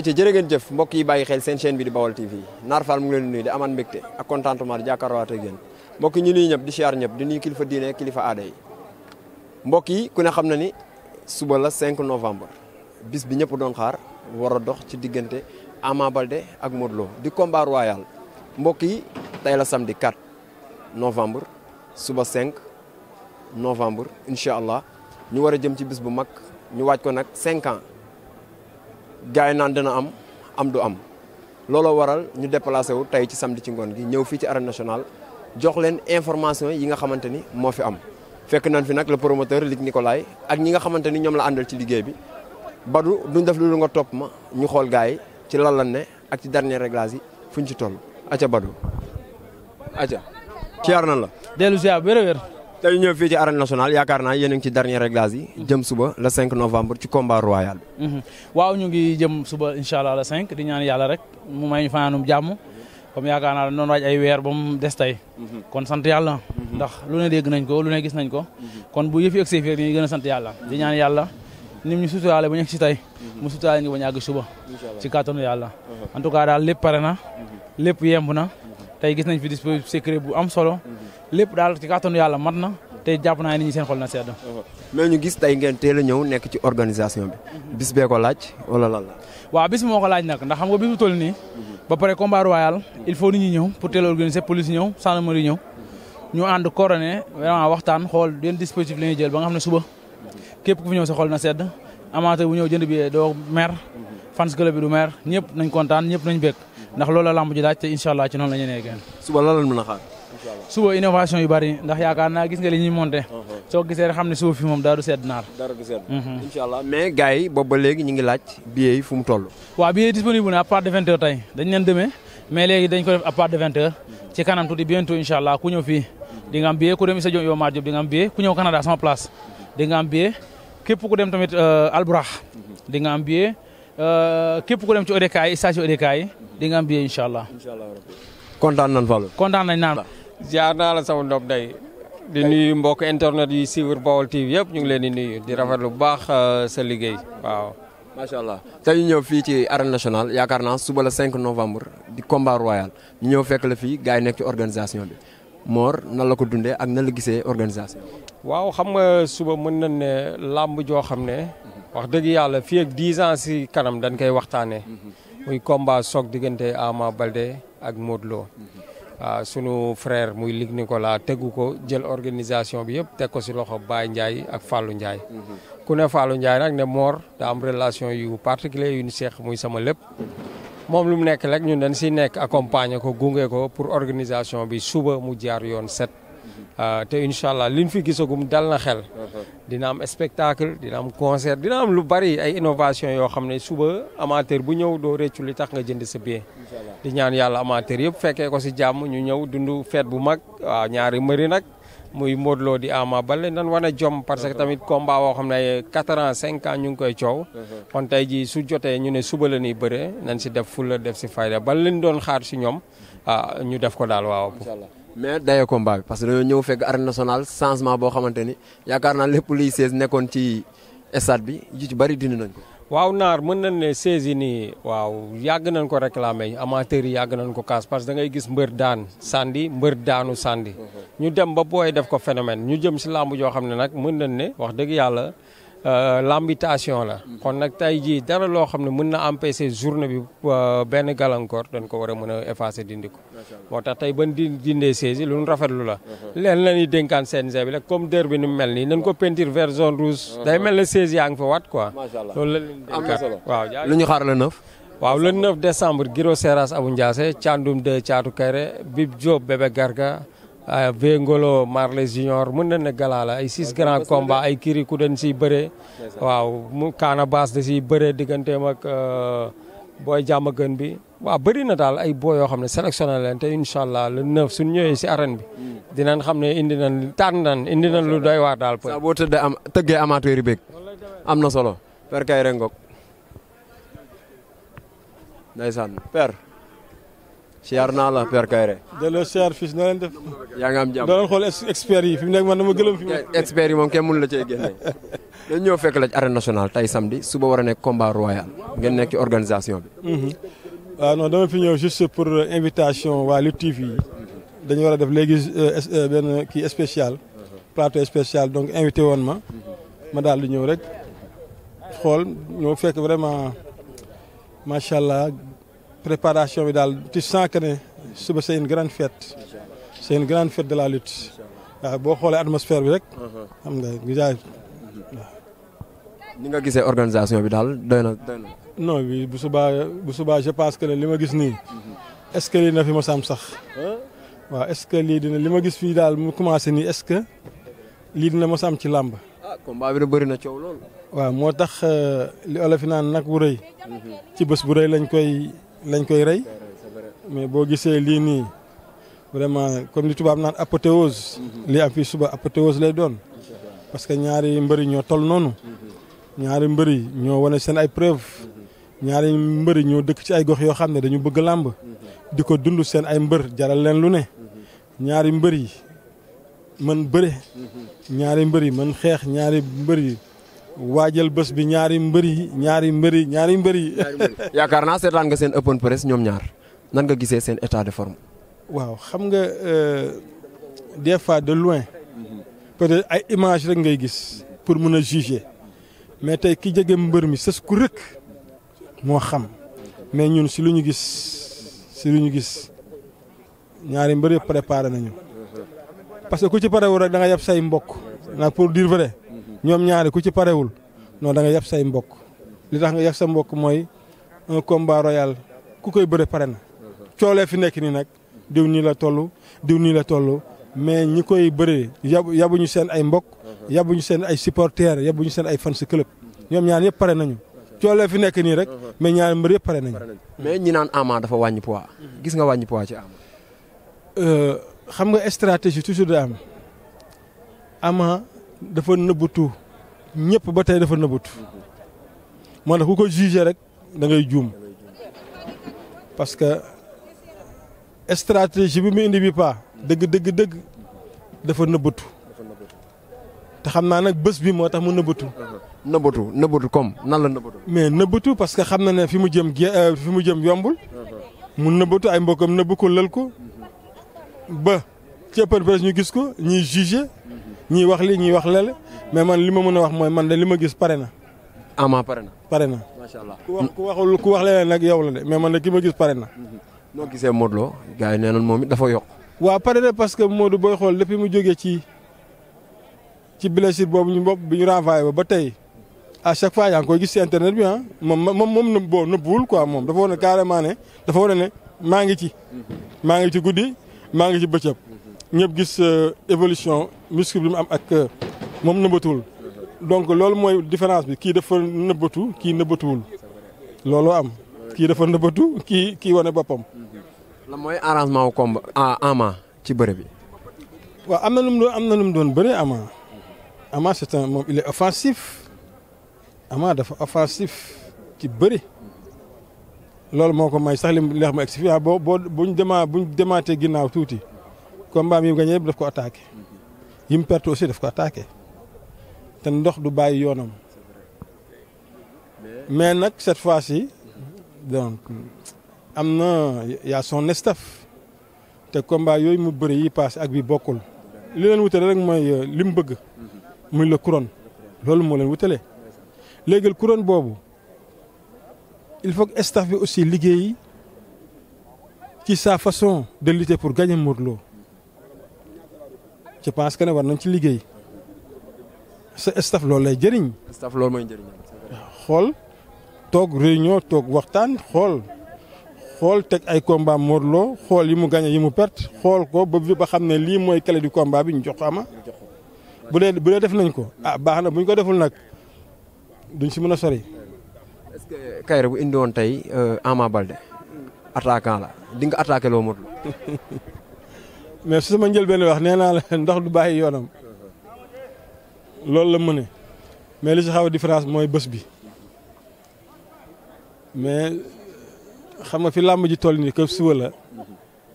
ayca jërë ngeen jëf mbokk yi bàyyi xel seen chaîne bi di Baol TV Naar Fall mu ngi leen nuyu di amaan mbégte ak contentement di jàkkaarloowaat ak yéen mbokk ñu nuyu ñëpp di siyaar ñëpp di nuyu kilifa diine kilifa aada yi mbokk yi ku ne xam na ni suba la 5 novembre bis bi ñëpp doon xaar war a dox ci diggante Ama Baldé ak Modou di combat royal mbokk yi tey la samedi 4 novembre suba cinq novembre incha allah ñu war a jëm ci bis bu mag ñu waaj ko nag cinq ans. gars yi naan dina am am du am looloo waral ñu déplacé wu tey ci samedi ci ngoon gi ñëw fii ci arène nationale jox leen information yi nga xamante ni moo fi am. fekk nañ fi nag le promoteur Luc Nicolaï ak ñi nga xamante ni ñoom la àndal ci liggéey bi badu duñ def lu nga topp ma ñu xool gars yi ci lan la ne ak ci dernier réglage yi fuñ ci toll aca badu aca ci yar nan la dellu ziar wér-wér tey ñëw fii ci arène nationale yaakaar naa yéen a ngi ci dernier réglage yi. Mhm. jëm suba le 5 novembre ci combat royal bi. Mhm. waaw ñu ngi jëm suba incha allah le 5 di ñaan yàlla rek mu may ñu fanaanum jàmm comme yaakaar naa noonu waaj ay weer ba mu des tey. Mhm. kon sant yàlla. ndax lu ne dégg nañ ko lu ne gis nañ ko. kon bu yëfi egsee fii rek dañuy gën a sant yàlla. di ñaan yàlla ni ñu suturaale ba ñu si tey. mu suturaale ñu ba ñu suba. ci kàttanu yàlla. Uh-huh. en daal lépp daal ci kàttanu yàlla mat na te jàpp naa nit ñi seen xol na sedd. mais ñu gis tey ngeen teel a ñëw nekk ci organisation bi. bis bee ko laaj wala la la. waaw bis moo ko laaj nag ndax xam nga bis bu toll nii. ba pare combat royal il faut nit ñi ñëw pour teel a organiser police ñëw gendarmerie ñëw. ñu ànd coordonné vraiment waxtaan xool yenn dispositif la ñuy jël ba xam ne suba képp ku fi ñëw sa xol na sedd amateur bu ñëw jënd bi doo mer. fans club bi du ñëpp nañ kontaan ñëpp nañ bëgg ndax loolu la ci noonu la ñu nekkee. suba lan la suba innovation yu bari ndax yaakaar naa gis nga li ñuy monté. Uh-huh. soo gisee rek xam ne suba fi moom daa du sedd naar. Mhm. mais gars boobu léegi ñu ngi laaj billet yi fu mu toll. waaw billet yi disponible na à de vingt tey dañu leen demee mais léegi dañ ko def à partir de vingt heures mhm. ci kanam tuuti bientôt incha allah ku ñëw fii di nga am billet ku dem Issa Diop yow Mar di nga am billet ku ñëw Canada sama place mhm. di nga am billet képp ku dem tamit euh, Alburax di nga am billet euh, képp ku dem ci ODK yi station di nga am billet incha allah. incha allah jaar naa la sama doom day di nuyu mbokk internet yi suivre Baol TV yëpp ñu ngi leen di nuyu di rafet lu baax euh, sa liggéey waaw. macha allah tey ñu ñëw fii ci arène national yaakaar naa suba la 5 novembre di combat royal ñu ñëw fekk la fii gars yi nekk ci organisation bi Mor nan la ko dundee ak nan la gisee organisation. waaw xam nga suba mën nañ ne làmb joo xam ne. wax dëgg yàlla fii ak 10 si kanam dañ koy waxtaanee. Mhm. muy combat soog diggante Ama balde ak Modou Euh, sunu frère muy ko Nicolas tegu ko jël organisation bi yëpp teg ko si loxo Baye Ndiaye ak Fallou Ndiaye. Mhm. ku ne Fallou Ndiaye nag ne moor daa am relation yu particulier yu ñu seex muy sama lépp. moom lu mu nekk rek ñu dañ si nekk accompagner ko gunge ko pour organisation bi suba mu jaar yoon set. Euh, te incha allah liñ fi gisagum dal na xel. dina am spectacle dina am concert dina am lu bari ay innovation yoo xam ne suba amateur bu ñëw doo réccu li tax nga jënd sa billet. di ñaan yàlla amateur yëpp fekkee ko si jàmm ñu ñëw dund feet bu mag waaw ñaari mëri nag. muy Modou loo di Ama Baldé nan wane jom parce que uh-huh. tamit combat woo xam ne quatre ans cinq ans ñu ngi koy coow. Uh-huh. kon tey jii su jotee ñu ne suba la ñuy bëre nañ si def fulla def si fayda ban lañ doon xaar si ñoom uh-huh. ah ñu def ko daal waaw. mais daye combat bi parce que dañoo ñëw fekk arène nationale changement boo xamante ni yaakaar naa lépp luy seize nekkoon ci stade bi yu ci bari dina nañ ko. waaw naar mën nañ ne sais yi nii waaw yàgg nañ ko réclamer amateurs yi yàgg nañ ko kaas parce que da ngay gis mbër daan sandi mbër daanu sandi mhm. ñu dem ba booy def ko phénomène ñu jëm si làmb joo xam ne nag mën nañ ne wax dëgg yàlla. Euh, lambitation la. kon nag tey jii dara loo xam ne mën na empêcher journée bi euh, benn gàllankoor dañ ko war a mën a effacer dindi ko. moo tax tey ban di dindee saisi lu rafetlu la. Uh-huh. leen la ñuy dénkaan CNG bi rek comme dër bi ni mu mel nii nañ ko pentir vert zone rouge. Uh-huh. day mel ne saisi yaa ngi fa waat quoi. loolu la lu ñu xaar la neuf. waaw le 9 décembre Giro Seras Abou Ndiassé Thiandoum de Thiatou Kairé Bib Diop Bébé Garga. Ah, Véngolo Marley Junior mën na ne gala la ay six ah, grands combats ay kiriku dañ siy bëree. waaw mu Kaana Baas da siy bëree digganteem ak booy jàmm gën bi. waa bëri na daal ay boo yoo xam ne sélectionné leen te incha allah le suñ ñëwee si arène bi. Hmm. dinañ xam ne indi nañ tànn nañ indi nañ lu doy waar daal. saa boo am tëggee amateur yi am na solo. siyaar naa la Père Kairé. delloo siyaar fii na leen def. yaa ngi am jàmm da doon xool experts yi fi mu nekk man dama gëlëm fi mu. experts yi moom kenn mënu la cee génne. dañ ñëw fekk la ci arène nationale tey samedi suba war a nekk combat royal ngeen nekk ci organisation bi. Mhm. waaw non dama fi ñëw juste pour euh, invitation waa Lutte TV yi dañu war a def léegi euh, euh, benn kii spécial. plateau spécial donc invité woon ma. ma daal di ñëw rek xool ñoo fekk vraiment macha allah. préparation bi daal tu sens que ne suba c'est une grande fête c'est une grande fête de la lutte waaw boo xoolee atmosphère bi rek. xam nga déjà ni nga gisee organisation bi daal doy na doy bi bu subaa bu subaa je pense que ne li ma gis nii est-ce que lii na fi ma sam sax waaw est-ce que lii dina li ma gis fii daal mu commencé nii est-ce que lii dina ma sam ci làmb. ah combat bi da bëri lool. waaw moo tax euh, li olof naan nag bu rëy. Mhm. ci bés bu rëy lañ koy. lañ koy rey mais boo gisee lii nii vraiment comme li tubaab naan apothéose mhm. li am fii suba apothéose lay doon parce que ñaari mbëri ñoo tol noonu mhm. ñaari mbër yi ñoo wane seen ay preuve mhm. ñaari mbëri ñoo dëkk ci ay gox yoo xam ne dañu bëgg làmb di ko dund seen ay mbër jaral leen lu ne ñaari mbër yi mën bëre ñaari mbër yi mën xeex ñaari mbër yi waajal bés bi ñaari mbër yi ñaari mbër yi ñaari mbër yi. yaakaar naa seetaan nga seen open press ñoom ñaar nan nga gisee seen état de forme. waaw xam nga euh, des fois de loin peut-être ay image rek ngay gis pour mën a juger mais tey ki jege mbër mi sës ku rëkk moo xam mais ñun si lu ñu gis si lu ñu gis ñaari mbër yëpp préparé nañu parce ku ci pare rek da yab say mbokk. na pour dire vrai. ñoom ñaari ku ci parewul non da nga yab say mbokk li tax nga yab sa mbokk mooy un combat royal ku koy bëre pare na. coolee fi nekk nii nag diw nii la toll diw nii la toll mais ñi koy bëree yabu yabuñu seen ay mbokk. yabuñu seen ay supporters yabuñu seen ay fans club ñoom ñaar yëpp pare nañu. coolee fi nekk nii rek mais ñaari mbër yëpp pare nañu. mais ñi naan Ama dafa wàññi poids. gis nga wàññi poids ci Ama. Euh, xam nga stratégie toujours day am Ama dafa nëbbatu ñëpp ba tey dafa nëbbatu moo tax ku ko jugé rek da ngay juum parce que stratégie bi mu indi bi dëgg dëgg dëgg dafa nëbbatu te xam naa nag bés bi moo tax mu nëbbatu. nëbbatu nëbbatu comme nan la nëbbatu. mais nëbbatu parce que xam na ne fi mu jëm euh, fi mu jëm yombul. mu nëbbatu ay mbokkam nëbb ko lël ko. ba ci open press ñu gis ko ñuy jugé. ñii wax lii ñii wax lële mais man li ma mën a wax mooy man de li ma gis pare na. Ama pare na pare na. macha allah ku wax ku waxul ku wax leneen nag yow la de mais man de ki ma gis pare na. Mm-hmm. noo gisee Modou Lo gars nee nañ moom it dafa yokk. waaw pare na parce que Modou booy xool depuis mu jógee ci ci blessure boobu ñu bopp bi ñu renvoyé ba ba tey à chaque fois yaa ngi koy gis si internet bi ah moom moom moom nëb boo nëbbuwul quoi moom dafa war a carrément ne dafa war ne maa ngi ci. Mm-hmm. maa ngi ci guddi maa ngi ci bëccëg. ñëpp gis euh, évolution muscle bi mu am ak euh, moom nëbbatuwul donc loolu mooy différence bi kii dafa nëbbatu kii nëbbatuwul looloo am kii dafa nëbbatu kii kii wane boppam. la mooy arrangement wu combat ah, Ama ci bëre bi. waaw am na lu mu doon am na lu mu doon bëre Ama Ama c'est un moom il est offensif Ama dafa offensif ci bëri loolu moo ko may sax li mu leex ma egg si fii ah, boo boo buñ demaa buñ demaatee ginnaaw tuuti. combat yi mu gagné yëpp daf ko attaqué yi mu perte aussi daf ko attaqué te ndox du bàyyi yoonam mais nag cette fois ci donc am na yaa son staff te combat yooyu mu bëri yi paase ak bi bokkul li leen wutale rek mooy euh, li mu bëgg muy la couronne loolu moo leen wutale léegi couronne boobu il faut que bi aussi liggéey ci saa façon de pour gagner Modou je pense que ne war nañ ci liggéey sa staff loolu lay jëriñ. staff loolu mooy xool toog réunion toog waxtaan xool xool teg ay combat Modou xool yi mu gagné yi mu perte xool ko ba ba xam ne lii mooy clé du kombaa bi ñu jox ko ama bu dee bu dee def nañ ko ah baax na bu ñu ko deful nag duñ si mën a sori. est que Kayre bu indi tey euh, Ama Balde attaquant la di nga attaqué loo Modou mais su sama njëlbeen wax nee naa la ndox du bàyyi yoonam loolu la mu ne mais li si xaw a différence mooy bés bi mais xam nga fi làmb ji toll ni que suba la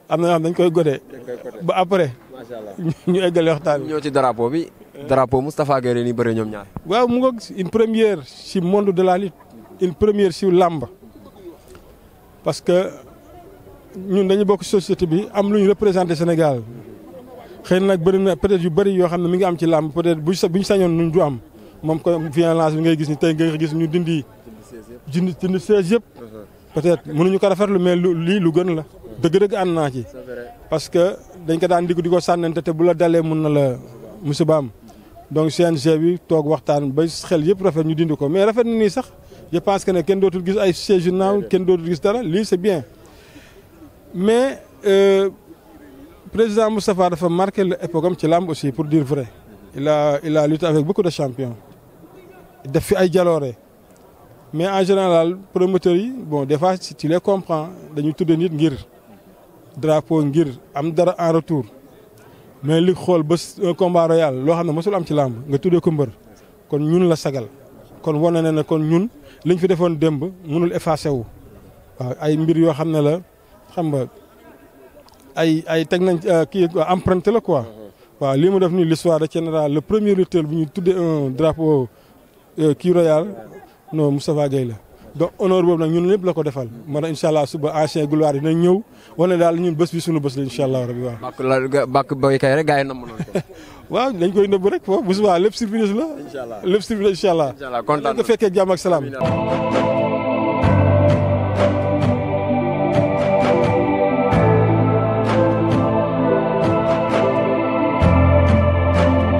am na yoo xam dañ koy godee ba après ñu eggale waxtaan bi ñoo ci drapeau bi drapeau Moustapha Gueye ni bëri ñoom ñaar waaw mu ngoog une première si monde de la une première si làmb parce ñun dañu bokk société bi am lu ñu représenté Sénégal xëy na nag bëri na peut-être yu bëri yoo xam ne mi ngi am ci làmb peut-être buñ sa buñ sañoon nuñ du am moom comme violence bi ngay gis ni tey ngay gis ñu dindi. dindi dindi siège yëpp. peut-être mënuñu ko rafet lu mais lu lii lu gën la. dëgg-dëgg ànd naa ci. parce que dañ ko daan digg di ko sànnante te bu la dalee mun na la musibaam donc CNG bi toog waxtaan ba xel yëpp rafet ñu dindi ko mais rafet na nii sax je pense que ne kenn dootul gis ay siège yu naaw kenn dootul gis dara bien. mais euh, président Moustapha dafa marqué l'époque am ci làmb aussi pour dire vrai il a il a lutté avec beaucoup de champion def fi ay jaloore mais en général promoteurs yi bon defaa si tu les comprends dañuy tudd nit ngir drapeau ngir am dara en retour mais li xool ba un euh, combat royal loo xam ne mosul am ci làmb nga tuddee ko mbër kon ñun la sagal kon wone na kon ñun liñ fi defoon démb mënul effacé wu waaw ay mbir yoo xam ne la. xam nga ay ay teg nañ euh, kii euh, emprunté la quoi. Uh-huh. waaw lii mu def nii l'histoire retiendra le premier lutteur bu ñu tuddee un drapeau euh, kii royal non Moustapha Gueye la. donc honneur boobu nag ñun ñëpp la ko defal. ma na incha allah suba ancien gloire dina ñëw wane daal ñun bés bi suñu bés la incha allah rabi waaw. bàkk la bàkk Boy Kaïré rek gars yi namm waaw dañ koy nëbb rek foofu bu subaa lépp surprise la. incha allah lépp surprise la incha allah. incha allah kontaan na salaam.